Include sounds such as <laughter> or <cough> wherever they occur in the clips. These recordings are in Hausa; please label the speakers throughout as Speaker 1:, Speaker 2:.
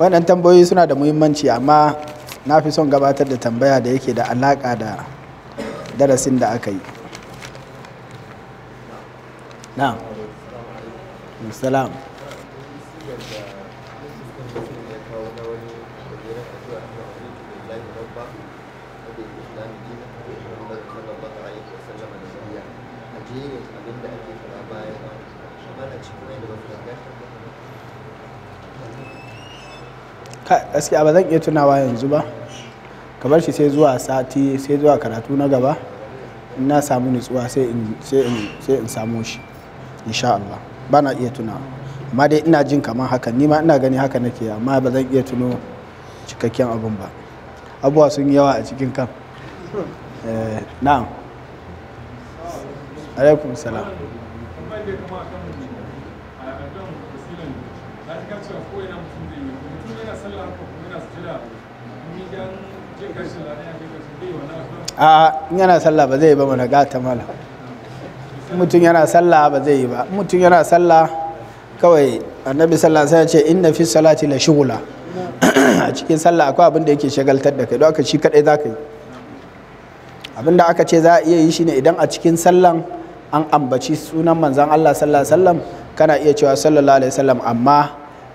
Speaker 1: wannan tambayoyi suna da muhimmanci amma na fi son gabatar da tambaya da yake da alaƙa da darasin da aka yi na'am gaskiya ba zan iya tunawa yanzu ba ka bar shi sai zuwa sati sai zuwa karatu na gaba in na samu nutsuwa sai in samu shi insha Allah ba na iya tunawa amma dai ina jin kamar haka nima ina gani haka nake amma ba zan iya tuno cikakken abin ba abubuwa sun yi yawa a cikin kan eh, na'am alaikum salam a kan cewa ko yana mutum zai yi mutum yana sallah haka kuma yana sujada ni dan jin yana sallah ba zai ba mana gata mala mutum yana sallah ba zai yi ba mutum yana sallah kawai annabi sallah sai ce inna fi salati la shugula <clears throat> a cikin sallah akwai abin da yake shagaltar da kai don haka shi kadai za ka yi abin da aka ce za a iya yi shine idan a cikin sallan an ambaci sunan manzan Allah sallallahu alaihi wasallam kana iya cewa sallallahu alaihi wasallam amma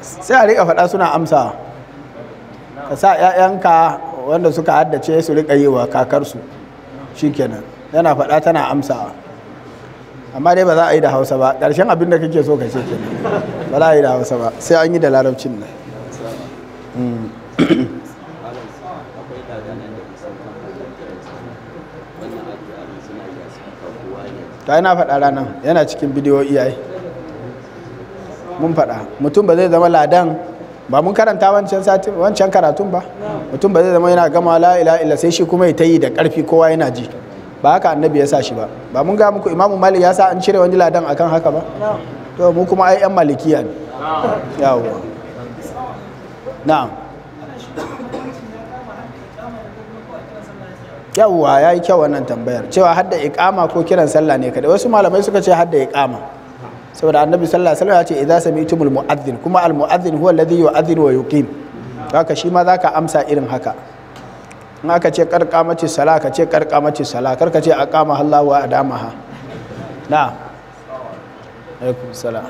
Speaker 1: sai a rika faɗa suna amsa ka sa 'ya'yanka wanda suka haddace su rika yi wa kakarsu shikenan yana faɗa tana amsa amma dai ba za a yi da hausa ba ƙarshen abin da kake so ka ce ke ba za a yi da hausa ba sai an yi da larabcin nan ta mm. <coughs> yana faɗa ranar yana cikin bidiyo iyaye mun faɗa mutum ba zai zama ladan ba mun karanta wancan wancan karatun ba mutum ba zai zama yana gama la ila illa sai shi kuma ya tayi yi da ƙarfi kowa yana ji ba haka annabi ya sa shi ba ba mun ga muku imamu malik ya sa an cire wani ladan akan haka ba to mu kuma ai yan malikiya ne yawwa na'am yawwa yayi kyau wannan tambayar cewa hadda iqama ko kiran sallah ne kada wasu malamai suka ce hadda iqama saboda annabi sallallahu alaihi wasallam ya ce idza sami'tumul mu'adhdhin kuma al mu'adhdhin huwa alladhi yu'adhdhinu wa yuqim haka shi ma zaka amsa irin haka in aka ce karkamati sala ka ce karkamati sala kar ka ce aqama Allah wa adamaha na alaikum salam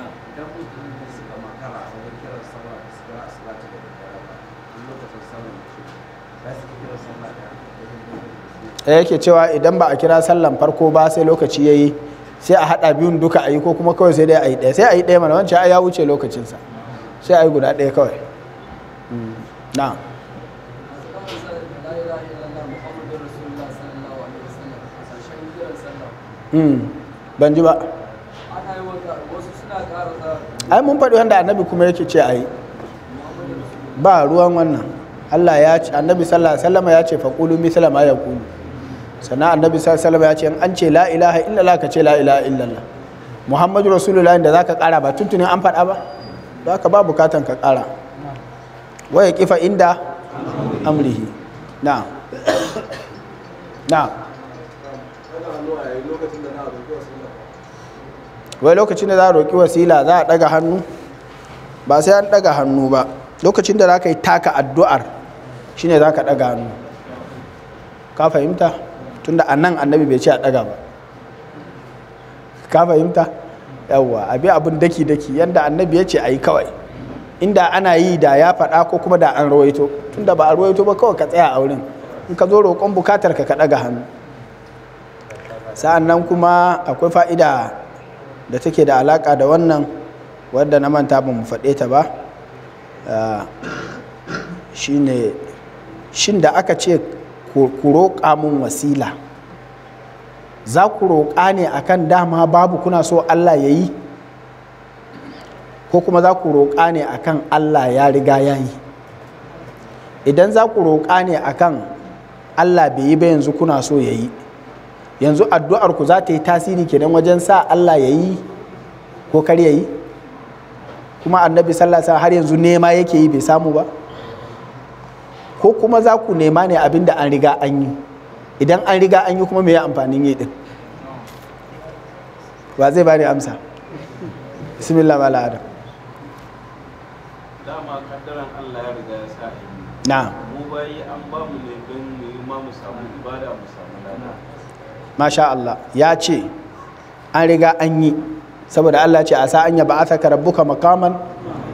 Speaker 1: eh, yake cewa idan ba a kira sallan farko ba sai lokaci ya yi. sai a haɗa biyun duka a yi ko kuma kawai sai dai a yi ɗaya sai a yi ɗaya mana wancan ya wuce lokacinsa sai a yi guda ɗaya kawai mm, na mm, ban ji ba ai mun faɗi wanda annabi kuma yake ce a yi ba ruwan wannan Allah ya ce annabi sallallahu alaihi wasallam ya ce faƙulu misla ya yaqulu sannan annabi sallallahu ya ce an ce la ilaha illallah ka ce la ilaha illallah muhammadu rasulullahi da zaka kara ba tuntunin an faɗa ba da ka ba bukatan ka kara waya kifa inda amrihi na na wai lokacin da za a roƙi wasila za a ɗaga hannu ba sai an ɗaga hannu ba lokacin da za ka yi taka addu'ar shine za ka ɗaga hannu ka fahimta tunda a nan annabi bai ce a daga ba ka fahimta yawwa abi abin daki daki yadda annabi ya ce a yi kawai inda ana yi da ya faɗa ko kuma da an rawaito tunda ba a rawaito ba kawai ka tsaya a wurin in ka zo roƙon bukatar ka ka daga hannu sa'an nan kuma akwai fa'ida da take da alaƙa da wannan wadda na manta ba mu faɗe ta ba ah, shine shin da aka ce ku roƙa mun wasila za ku roƙa ne kan dama babu kuna so Allah ya yi ko kuma za ku roƙa ne akan Allah ya riga ya yi idan za ku roƙa ne akan Allah bai yi ba yanzu kuna so ya yi yanzu addu'ar ku za ta yi tasiri kenan wajen sa Allah ya yi ko kar ya yi kuma annabi sallallahu har yanzu nema yake yi bai samu ba ko kuma za ku nema ne abin da an riga an yi idan an riga an yi kuma me amfanin yi din ba zai bani amsa bismillah ma la'ada dama kaddaran Allah ya riga ya sa yi na mu bayi an ba mu ne don mu yi ma mu samu ibada mu samu lada masha Allah ya ce an riga an yi saboda Allah ce a sa an yaba athaka rabbuka makaman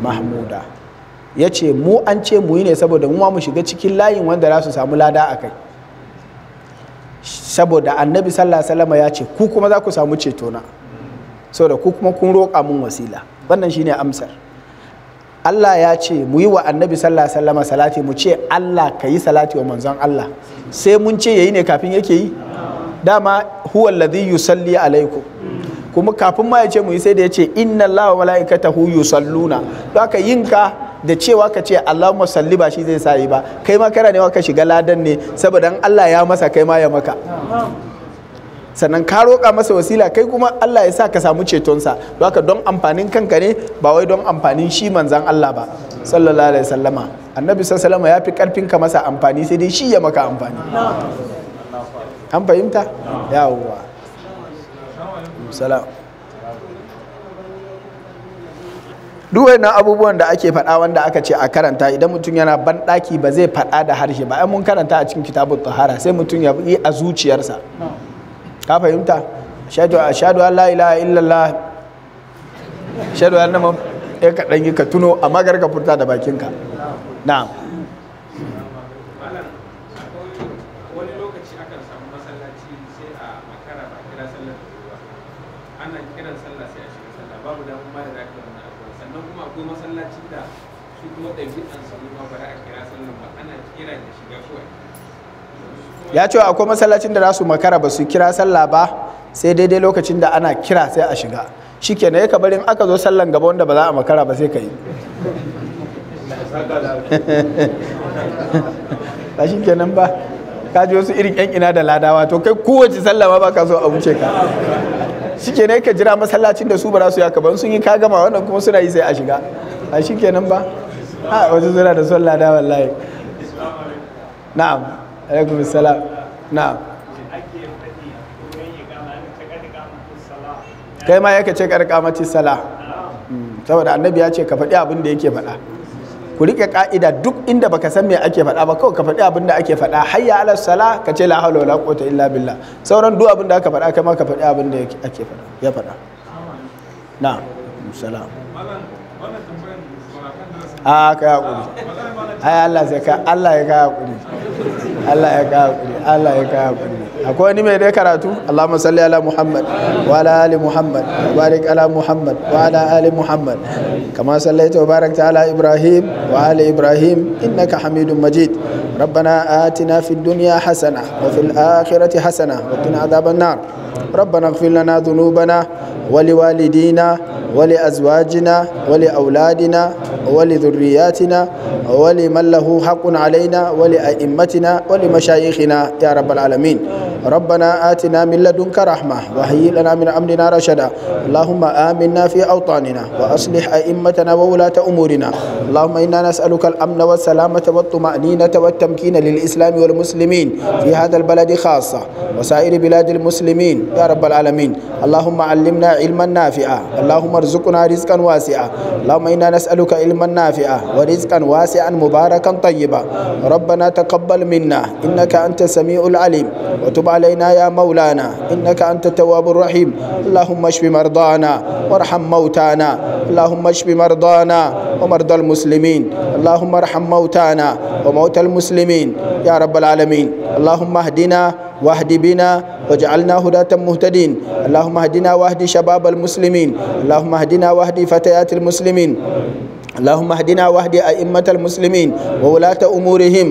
Speaker 1: mahmuda ya ce mu an ce mu yi ne saboda mu mu shiga cikin layin wanda za su samu lada a kai saboda annabi sallallahu alaihi wasallam ya ce ku kuma za ku samu ceto na saboda ku kuma kun roƙa mun wasila wannan shine amsar Allah ya ce mu yi wa annabi sallallahu alaihi wasallam salati mu ce Allah ka yi salati wa manzon Allah sai mun ce yayi ne kafin yake yi dama huwa alladhi yusalli alaikum kuma kafin ma ya ce mu yi sai da ya ce inna Allah wa mala'ikatahu yusalluna to aka yinka da cewa ka ce Allah masalli ba shi zai sayi ba kai ma kana ne ka shiga ladan ne saboda Allah ya masa kai ma ya maka sannan ka roƙa masa wasila kai kuma Allah ya sa ka samu cetonsa haka don amfanin kanka ne ba wai don amfanin shi manzan Allah ba sallallahu alaihi sallama annabi sallallahu ya fi karfin ka masa amfani sai dai shi ya maka amfani an fahimta yawwa salam duk wannan abubuwan da ake faɗa wanda aka ce a karanta idan mutum yana banɗaki ba zai faɗa da harshe ba mun karanta a cikin kitabun tahara sai mutum ya yi a zuciyarsa ka fahimta shaidu an la'ila illallah shaidu an nama ya eh, kaɗan yi ka tuno amma gar ka furta da bakinka na'am babu damar da za ka sannan kuma akwai masallacin da shi kuma ɗabi'an sallu ma ba a kira sallan ba ana kira da shiga kawai ya ce akwai masallacin da za su makara ba su kira sallah ba sai daidai lokacin da ana kira sai a shiga shi ke na yaka barin aka zo sallan gaba wanda ba za a makara ba sai ka yi <laughs> ba shi ke nan ba ka ji wasu irin yan ina da ladawa to kai kowace sallama ba ka so a wuce ka shike ne ka jira masallacin da su ba su ya kaban sun yi ka gama wannan kuma suna yi sai a shiga a shikenan ba a wajen zura da son lada wallahi na'am alaikum salam na'am kai ma yake ce karkamati sala hmm, saboda annabi ya ce ka faɗi abin da yake faɗa ku rike ka'ida duk inda baka san me ake faɗa ba kawai ka faɗi abin da ake faɗa hayya ala sala ka ce la hawla wala quwwata illa billah sauran duk abin da aka faɗa kai ma ka faɗi abin da ake faɗa ya faɗa na'am salam a ka hakuri ai Allah sai ka Allah ya ka hakuri Allah ya ka hakuri Allah ya ka hakuri akwai ni mai dai karatu Allahumma salli ala Muhammad wa ala ali Muhammad barik ala Muhammad wa ala ali Muhammad kama sallaita wa barakta ala Ibrahim wa ala Ibrahim innaka Hamidum Majid ربنا آتنا في الدنيا حسنة وفي الآخرة حسنة وقنا عذاب النار ربنا اغفر لنا ذنوبنا ولوالدينا ولأزواجنا ولأولادنا ولذرياتنا ولمن له حق علينا ولأئمتنا ولمشايخنا يا رب العالمين ربنا آتنا من لدنك رحمة وهيئ لنا من أمرنا رشدا اللهم آمنا في أوطاننا وأصلح أئمتنا وولاة أمورنا اللهم إنا نسألك الأمن والسلامة والطمأنينة والتمكين للإسلام والمسلمين في هذا البلد خاصة وسائر بلاد المسلمين يا رب العالمين اللهم علمنا علما نافعا اللهم ارزقنا رزقا واسعا اللهم إنا نسألك علما نافعا ورزقا واسعا مباركا طيبا ربنا تقبل منا إنك أنت السميع العليم وتب علينا يا مولانا إنك أنت التواب الرحيم اللهم اشف مرضانا وارحم موتانا اللهم اشف مرضانا ومرضى المسلمين اللهم ارحم موتانا وموتى المسلمين يا رب العالمين اللهم اهدنا واهد بنا واجعلنا هداة مهتدين اللهم اهدنا واهد شباب المسلمين اللهم اهدنا واهد فتيات المسلمين اللهم اهدنا واهد أئمة المسلمين وولاة أمورهم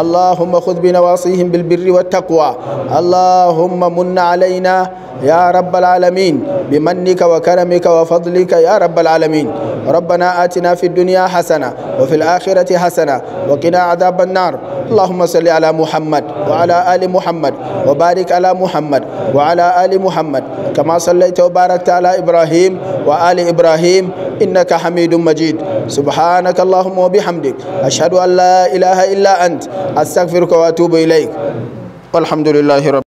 Speaker 1: اللهم خذ بنواصيهم بالبر والتقوى اللهم من علينا يا رب العالمين بمنك وكرمك وفضلك يا رب العالمين ربنا آتنا في الدنيا حسنة وفي الآخرة حسنة وقنا عذاب النار اللهم صل على محمد وعلى آل محمد وبارك على محمد وعلى آل محمد كما صليت وباركت على إبراهيم وآل إبراهيم إنك حميد مجيد سبحانك اللهم وبحمدك أشهد أن لا إله إلا أنت أستغفرك وأتوب إليك والحمد لله رب